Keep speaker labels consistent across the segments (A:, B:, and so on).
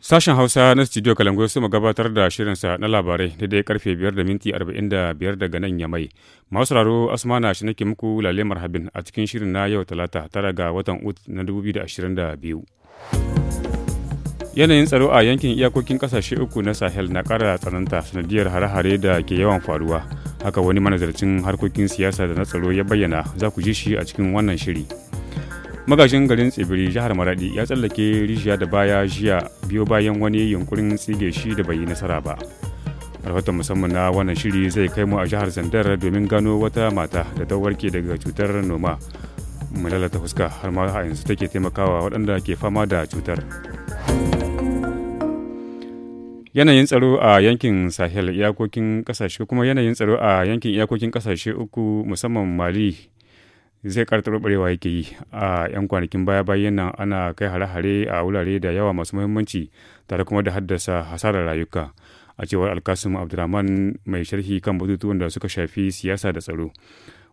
A: Sashen Hausa na Studio Kalangoyo su gabatar da shirinsa na labarai daidai karfe 5 da minti 45 daga nan ya mai. Masu raro Asmana shi nake muku lale marhabin a cikin shirin na yau talata tara ga watan Ut na 2022. Yanayin tsaro a yankin iyakokin kasashe uku na Sahel na kara tsananta sanadiyar hare-hare da ke yawan faruwa. haka wani manazarcin harkokin siyasa da na tsaro ya bayyana za ku ji shi a cikin wannan shiri magashin garin tsibiri jihar maradi ya tsallake rijiya da baya jiya biyo bayan wani yunkurin tsige shi da bai yi nasara ba rahoton musamman na wannan shiri zai kai mu a jihar zandar domin gano wata mata da ta warke daga cutar noma mai lalata fuska har ma yanzu take taimakawa waɗanda ke fama da cutar. yanayin tsaro a yankin sahel iyakokin kasashe kuma yanayin tsaro a yankin iyakokin kasashe uku musamman mali zai kartar barewa yake yi a 'yan kwanakin baya bayan nan ana kai hare-hare a wurare da yawa masu muhimmanci tare kuma da haddasa hasarar rayuka a cewar alkasim abdulrahman mai sharhi kan batutuwan da suka shafi siyasa da tsaro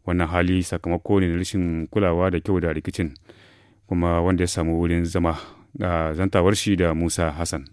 A: wannan hali sakamako ne na rashin kulawa da kyau da rikicin kuma wanda ya samu wurin zama a zantawar shi da musa hassan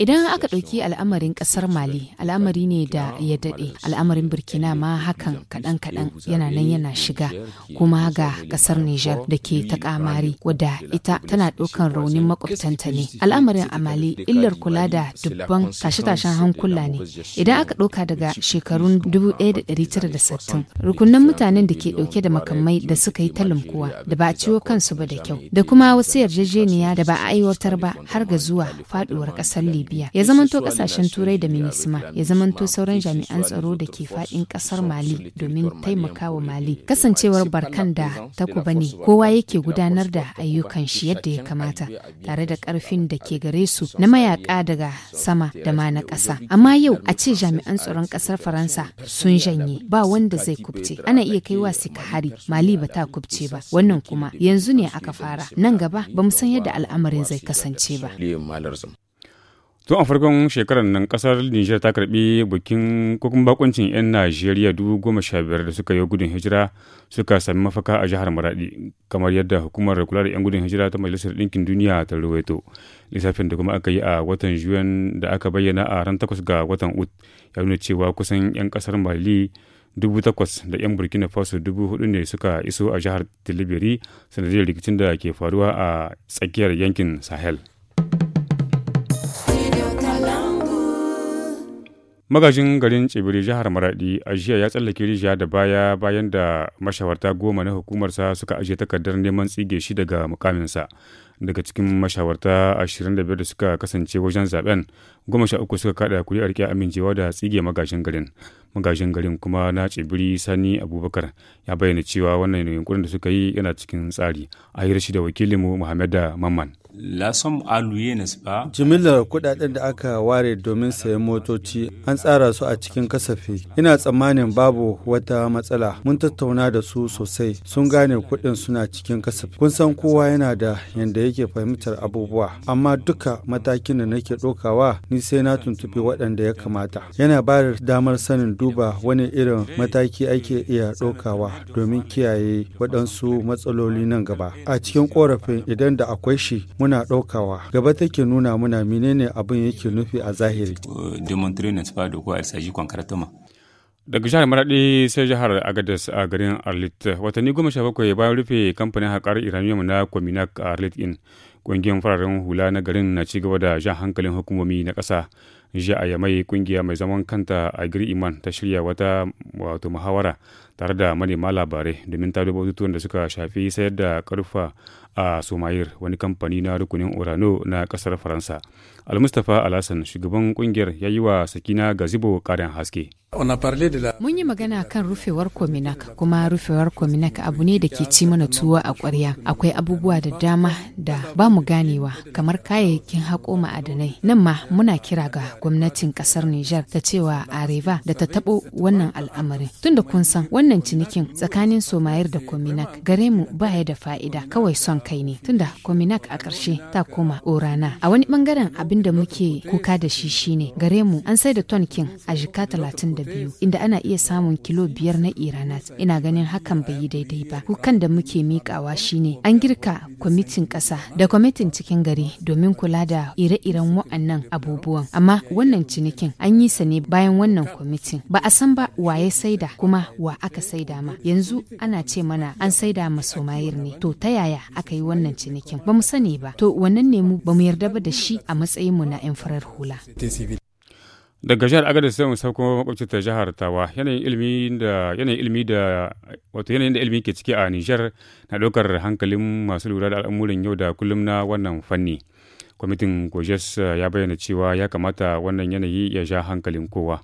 B: Idan aka ɗauki al'amarin ƙasar Mali, al'amari ne da ya daɗe, al'amarin Burkina ma hakan kaɗan-kaɗan yana nan yana shiga, kuma ga ƙasar Nijar da ke ta ƙamari wadda ita tana ɗaukan raunin makwabtanta ne. Al'amarin a Mali illar kula da dubban tashe-tashen hankula ne. Idan aka ɗauka daga shekarun 1960, rukunan mutanen da ke ɗauke da makamai da suka yi talumkuwa da ba a ciwo kansu ba da kyau, da kuma wasu yarjejeniya da ba a aiwatar ba har ga zuwa faduwar kasar libya ya zamanto kasashen turai da minisma ya zamanto sauran jami'an tsaro da ke fadin kasar mali domin taimakawa mali kasancewar barkan da takuba ne kowa yake gudanar da ayyukan shi yadda ya kamata tare da karfin da ke gare su na mayaka daga sama da ma na kasa amma yau a ce jami'an tsaron kasar faransa sun janye ba wanda zai kubce ana iya kaiwa sika hari mali ba ta kubce ba wannan kuma yanzu ne aka fara nan gaba ba mu san yadda al'amarin zai kasance ba
A: tun a farkon shekarar nan kasar niger ta karbi bikin kukun bakuncin 'yan najeriya dubu goma sha biyar da suka yi gudun hijira suka sami mafaka a jihar maradi kamar yadda hukumar kula da 'yan gudun hijira ta majalisar ɗinkin duniya ta ruwaito lissafin da kuma aka yi a watan juyan da aka bayyana a ran takwas ga watan ut ya nuna cewa kusan 'yan kasar mali dubu takwas da 'yan burkina faso dubu hudu ne suka iso a jihar tilibiri sanadiyar rikicin da ke faruwa a tsakiyar yankin sahel magajin garin tsibiri jihar maradi a jiya ya tsallake rijiya da baya bayan da mashawarta goma na hukumarsa suka ajiye takardar neman tsige shi daga mukaminsa daga cikin mashawarta 25 da suka kasance wajen zaben goma sha uku suka kada kuri'ar ki amincewa da tsige magajin garin magajin garin kuma na tsibiri sani abubakar ya bayyana cewa wannan yunkurin da suka yi yana cikin tsari a shi da wakilinmu muhammad da mamman ba. jimillar kudaden da aka
C: ware domin sayan motoci an tsara su a cikin kasafi ina tsammanin babu wata matsala mun tattauna da su sosai sun gane kudin suna cikin kasafi kun san kowa yana da yanda yake fahimtar abubuwa amma duka matakin da nake ɗaukawa ni sai na tuntuɓi waɗanda ya kamata yana ba da damar sanin duba wani irin mataki ake iya ɗaukawa domin kiyaye waɗansu matsaloli nan gaba a cikin ƙorafin idan da akwai shi muna ɗaukawa gaba take nuna muna menene abin yake nufi a zahiri
A: Daga jihar Maraɗi sai jihar Agadez a garin Arlit. Watanni goma sha bakwai bayan rufe kamfanin haƙar Iranium na Cominac a Arlit in Ƙungiyar fararen hula na garin na ci gaba da jan hankalin hukumomi na ƙasa. Jiya a Yamai ƙungiya mai zaman kanta a Iman ta shirya wata wato muhawara tare da manema labarai domin ta dubo batutuwan da suka shafi sayar da karfa a somayir wani kamfani na rukunin orano na kasar faransa almustafa alhassan shugaban kungiyar ya yi wa sakina gazibo karin haske
B: mun yi magana kan rufewar kominak kuma rufewar kominak abu ne da ke ci mana tuwa a kwarya akwai abubuwa da dama da ba mu ganewa kamar kayayyakin haƙo ma'adanai nan ma muna kira ga gwamnatin ƙasar niger ta cewa areva da ta taɓo wannan al'amarin tunda kun san wani Wannan cinikin tsakanin Somayir da Kominak gare mu ba ya da fa'ida kawai son kai ne tunda Kominak a ƙarshe ta koma orana. A wani bangaren abin da muke kuka da shi shine gare mu an sai da tonkin a jika talatin da biyu inda ana iya samun kilo biyar na iranat ina ganin hakan bai yi daidai ba. Kukan da muke miƙawa shine an girka kwamitin ƙasa da kwamitin cikin gari domin kula da ire-iren wa'annan abubuwan amma wannan cinikin an yi sa ne bayan wannan kwamitin ba a san ba waye saida kuma wa aka aka saida ma yanzu ana ce mana an saida ma somayir ne to ta yaya aka yi wannan cinikin ba mu sani ba to wannan ne mu ba mu yarda ba da shi a matsayin mu na 'yan farar hula
A: daga jihar agadir sai mu sauko makwabcinta jihar tawa yanayin ilimi da yanayin ilimi da wato yanayin da ilimi ke ciki a nijar na ɗaukar hankalin masu lura da al'amuran yau da kullum na wannan fanni kwamitin gojes ya bayyana cewa ya kamata wannan yanayi ya sha hankalin kowa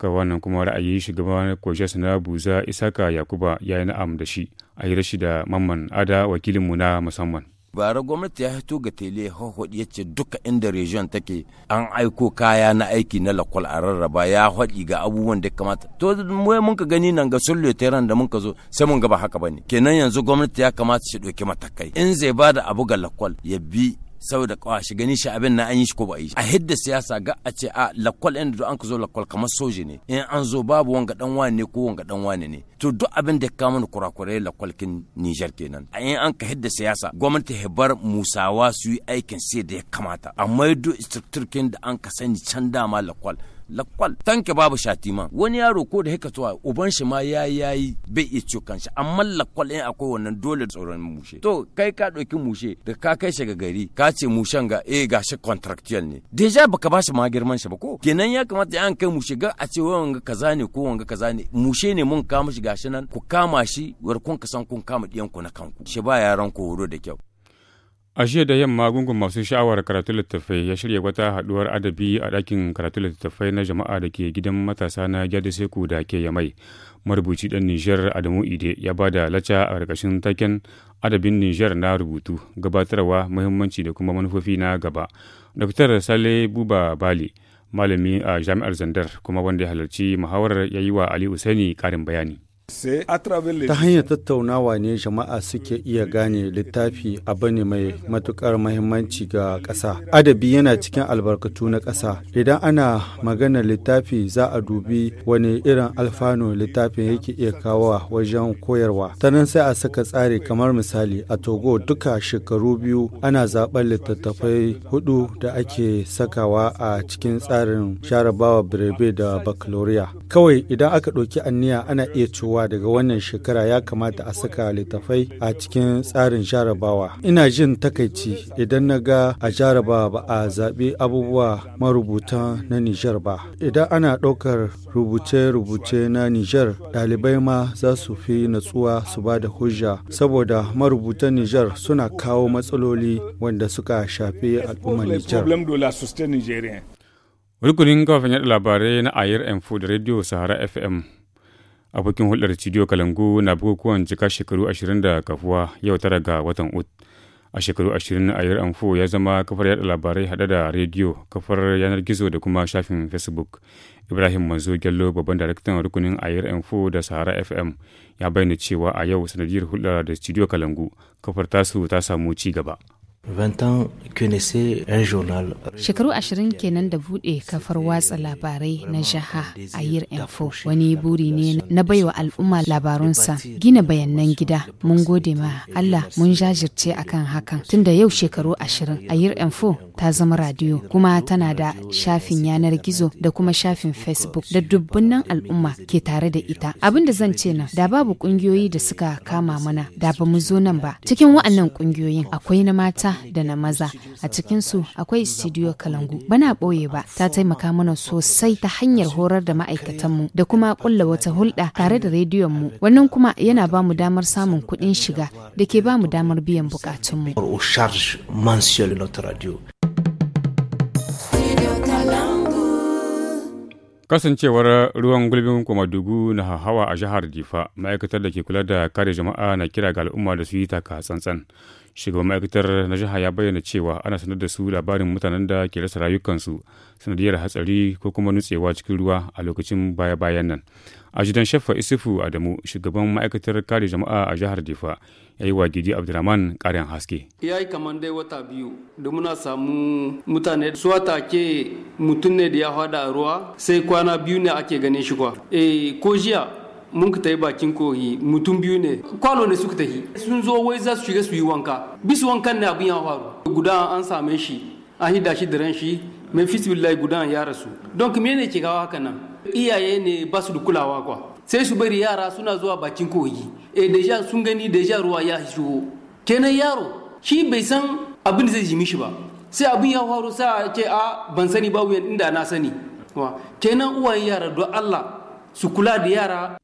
A: ka wannan kuma ra'ayi shugaban kojes na buza isaka yakuba ya yi na'am da shi a yi rashi da mamman ada wakilinmu na musamman
D: bara gwamnati ya fito ga tele hahod ya ce duka inda region take an aiko kaya na aiki na lakwal a rarraba ya hoɗi ga abubuwan da kamata to mun ka gani nan ga sulle teran da mun ka zo sai mun ba haka bane kenan yanzu gwamnati ya kamata shi ɗauki matakai in zai bada abu ga lakwal ya bi saboda kawashi gani shi abin na an yi shi ko ba yi a hidda siyasa ga a ce a lakwal ɗin da an ka zo lakwal kamar soji ne in an zo babu wanga dan wani ne ko wanga dan wani ne to duk abin da ka ni kurakurai lakwal kin Niger kenan a in an ka hidda siyasa gwamnati ta bar musawa su yi aikin sai da ya kamata amma duk structure da an ka sani can dama lakwal lakwal tanke babu shatima wani yaro ko da haka zuwa uban shi ma ya yayi bai iya ciwo kanshi amma lakwal in akwai wannan dole tsoron mushe to kai ka ɗauki mushe da ka kai shi ga gari ka ce mushen ga eh gashi contractual ne deja baka ba shi ma girman shi ba ko kenan ya kamata an kai mushe ga a ce wanga kaza ne ko wanga kaza ne mushe ne mun kama shi gashi nan ku kama shi war kun ka kun kama diyan ku na kanku shi ba yaran ku horo da kyau
A: A jiya da yamma gungun masu sha'awar karatu littattafai ya shirya wata haduwar adabi a ɗakin karatu littattafai na jama'a da ke gidan matasa na Gyadu Seku da ke Yamai. Marubuci dan Nijar Adamu Ide ya ba da lacca a ƙarƙashin taken adabin Nijar na rubutu, gabatarwa, muhimmanci da kuma manufofi na gaba. Dr. Sale Buba Bali, malami a Jami'ar Zandar kuma wanda ya halarci muhawarar ya yi wa Ali Usaini karin bayani. Ta
C: hanyar tattaunawa ne jama'a suke iya gane littafi a bane mai matukar mahimmanci ga ƙasa. Adabi yana cikin albarkatu na ƙasa. Idan ana maganar littafi za a dubi wani irin alfano littafin yake iya kawo wajen koyarwa. Ta nan sai a saka tsari kamar misali a Togo duka shekaru biyu ana zaɓar littattafai hudu da ake sakawa a cikin tsarin jarabawa birebe da baccalaureate. Kawai idan aka ɗauki anniya ana iya cewa cewa daga wannan shekara ya kamata a saka littafai a cikin tsarin jarabawa ina jin takaici idan na ga a jaraba ba a zaɓi abubuwa marubuta na nijar ba idan ana ɗaukar rubuce-rubuce na nijar ɗalibai ma za su fi natsuwa su ba da hujja saboda marubutan nijar suna kawo matsaloli wanda suka shafi al'ummar nijar
A: rukunin kafin yada labarai na ayir da radio sahara fm abokin hulɗar studio kalangu na bukukuwan cika shekaru ashirin da kafuwa yau tara ga watan ut a shekaru ashirin a yar amfo ya zama kafar yaɗa labarai hada da rediyo kafar yanar gizo da kuma shafin facebook ibrahim manzo gyallo babban daraktan rukunin ayar amfo da sahara fm ya bayyana cewa a yau sanadiyar hulɗar da studio kalangu kafar tasu ta samu ci gaba
B: Shekaru ashirin kenan da buɗe kafar watsa labarai na jaha a Yir Info wani buri ne na baiwa al'umma labarunsa gina bayanan gida. Mun gode ma Allah mun jajirce kan hakan tunda yau shekaru ashirin a Yir Info ta zama radiyo kuma tana da shafin yanar gizo da kuma shafin Facebook da dubbunan al'umma ke tare da ita. Abin da zan ce nan da babu ƙungiyoyi da suka kama mana da ba mu zo nan ba. Cikin wa'annan ƙungiyoyin akwai na mata mata da na maza a cikinsu akwai studio kalangu bana ɓoye ba ta taimaka mana sosai ta hanyar horar da ma'aikatanmu da kuma ƙulla wata hulɗa tare da rediyonmu wannan kuma yana ba mu damar samun kuɗin shiga da ke ba mu damar biyan buƙatunmu.
A: Kasancewar ruwan gulbin Kwamadugu na hawa a jihar Difa, ma'aikatar da ke kula da kare jama'a na kira ga al'umma da su yi taka tsantsan. shugaban ma'aikatar na jiha ya bayyana cewa ana sanar da su labarin mutanen da ke rasa rayukansu sanadiyar hatsari ko kuma nutsewa cikin ruwa a lokacin baya-bayan nan ajidan shafa isufu adamu shugaban ma'aikatar kare jama'a a jihar difa ya yi wa gidi abdulrahman karin haske
C: ya yi kamar dai wata biyu da muna samu mutane su ke mutum ne da ya hada ruwa sai kwana biyu ne ake ganin shi kwa eh, ko jiya mun ka yi bakin koyi mutum biyu ne kwano ne suka tafi sun zo wai za su shiga su yi wanka bisu wankan ne abin ya faru guda an same shi an hida shi da ran shi mai fisibillahi guda ya rasu don kuma ne ke kawo haka nan iyaye ne ba su da kulawa kwa sai su bari yara suna zuwa bakin kogi e deja sun gani deja ruwa ya shigo kenan yaro shi bai san abin da zai ji mishi ba sai abin ya faru sa ke ce a ban sani ba wuyan inda na sani kenan uwaye yara don Allah su
D: kula da yara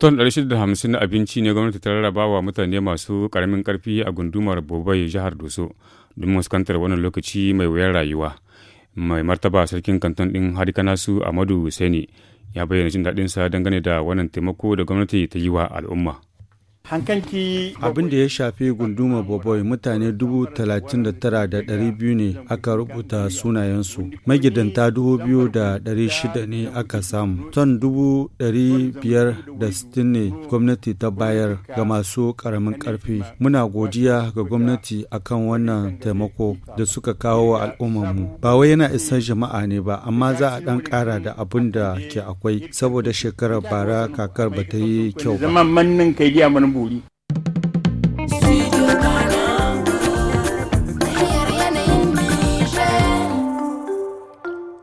A: Ton 650 na abinci ne gwamnati ta rarraba wa mutane masu karamin karfi a gundumar Bobai jihar Doso don muskantar wannan lokaci mai wuyar rayuwa. Mai martaba sarkin kanton ɗin su Amadu Hussaini ya bayyana jin daɗinsa dangane da wannan taimako da gwamnati ta yi wa al'umma. hankanki abin da
C: ya shafi gunduma boboi mutane dubu talatin da tara da dari biyu ne aka rubuta sunayensu magidanta dubu biyu da dari shida ne aka samu ton dubu dari biyar da sittin ne gwamnati ta bayar ga masu ƙaramin karfi muna godiya ga gwamnati akan wannan taimako da suka kawo wa mu ba wai yana isan jama'a ne ba amma za a ɗan kara da abin da ke akwai saboda shekarar bara kakar ba ta yi kyau
A: ba bori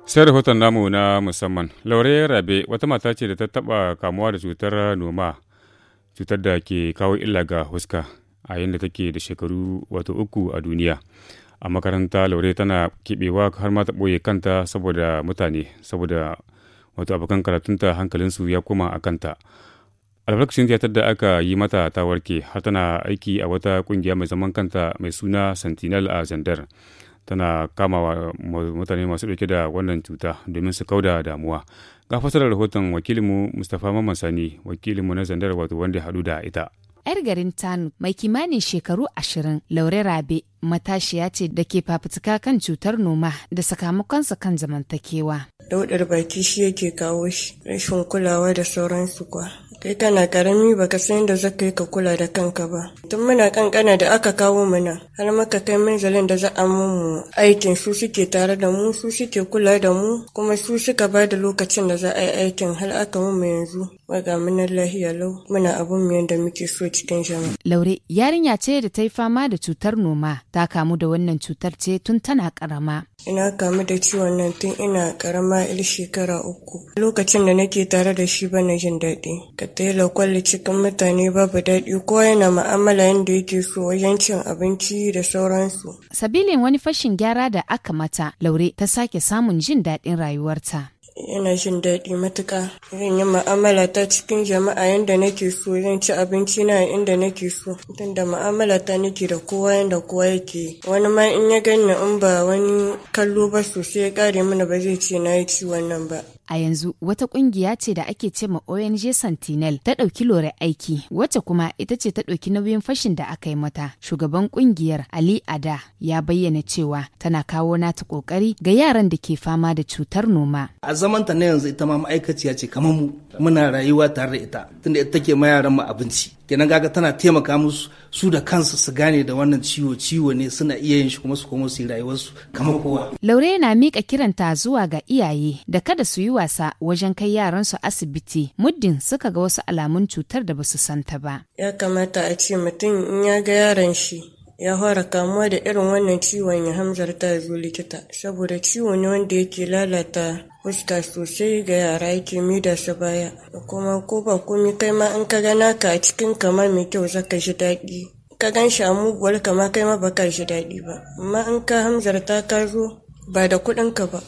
A: sai rahoton namu na musamman laure rabe wata mata ce da ta taba kamuwa da cutar noma cutar da ke kawo illa ga huska a yadda take da shekaru wato uku a duniya a makaranta laure tana keɓewa har ma ta ɓoye kanta saboda mutane saboda wato abokan karatunta hankalinsu ya koma a kanta albarkacin tiyatar da aka yi mata ta warke har tana aiki a wata kungiya mai zaman kanta mai suna sentinel a zandar tana kama mutane masu dauke da wannan cuta domin su kauda damuwa ga fasarar rahoton wakilinmu mustapha mamman sani wakilinmu na zandar wato wanda haɗu da ita
B: 'yar garin Tano mai kimanin shekaru ashirin Laure Rabe matashiya ce da ke fafutuka kan cutar noma da sakamakonsa kan zamantakewa.
E: Daudar baki shi yake kawo shi, rashin kulawa da sauransu kwa. Kai kana ƙarami baka san yadda zaka yi ka kula da kanka ba. Tun muna kankana da aka kawo mana har maka kai manzalin da za a mu aikin su suke tare da mu su suke kula da mu kuma su suka ba da lokacin da za a yi aikin har aka mu yanzu. ga muna lahiya lau muna abun mu yadda muke so cikin jama'a.
B: Laure yarinya ce da ta yi fama da cutar noma ta kamu da wannan cutar ce tun tana karama.
E: Ina kamu da ciwon nan tun ina karama il shekara uku. Lokacin da nake tare da shi bana jin daɗi. Taylor Kwalli cikin mutane babu daɗi ko yana ma'amala yadda yake so wajen cin abinci da sauransu. Sabilin wani fashin gyara da aka mata,
B: Laure ta sake samun jin daɗin rayuwarta.
E: yana jin daɗi matuka zan yi ma'amala ta cikin jama'a yadda nake so zan ci abinci na inda nake so tunda ma'amala ta nake da kowa yadda kowa yake wani ma in ya gani in ba wani kallo ba sosai ya kare mana ba zai ce na yi ci wannan ba
B: A yanzu wata kungiya ce da ake ce ma ONG Sentinel ta ɗauki lore aiki wacce kuma ita ce ta ɗauki nauyin fashin da aka yi mata. Shugaban kungiyar Ali Ada ya bayyana cewa tana kawo nata kokari ga yaran da ke fama da cutar noma.
C: A ta na yanzu ita ma ma'aikaciya ce kamar mu muna rayuwa tare da ita tunda ita take ma yaran mu abinci. kenan gaga tana taimaka musu su da kansu su gane da wannan ciwo ciwo ne suna iya yin shi kuma su koma su rayuwarsu kamar kowa.
B: Laure na mika kiranta zuwa ga iyaye da kada su yi wasa wajen kai yaran su asibiti muddin suka ga wasu alamun cutar da basu santa ba.
E: Ya kamata a ce mutum in ya ga yaran shi ya fara kamuwa da irin wannan ciwon hamzar ta zo likita saboda ciwo ne wanda yake lalata fuska sosai ga yara yake mida su baya kuma ko ba komi kai ma in ka gana ka a cikin kamar mai kyau zaka shi daɗi ka gan shi a muguwar kama kai ma baka shi daɗi ba amma in ka Hamzat ka zo ba da kuɗin ka ba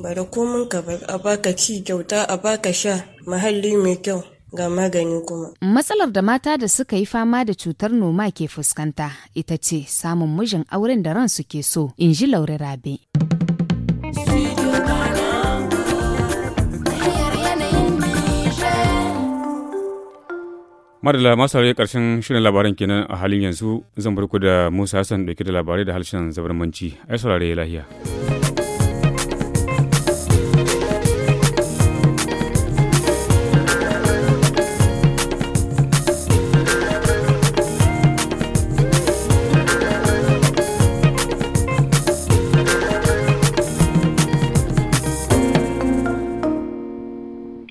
E: ba da komin ka ba a baka ci kyauta a baka sha muhalli mai kyau ga magani kuma.
B: Matsalar da mata da suka yi fama da cutar noma ke fuskanta ita ce samun mijin auren da ransu ke so, in ji Laure Rabe.
A: madala masu saurari karshen shirin labaran kenan a halin yanzu zan barku da musa hassan dauke da labarai da harshen zabarmanci ai saurare lahiya.